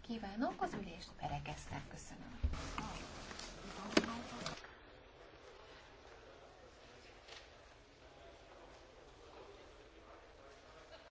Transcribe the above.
kívánok, az ülést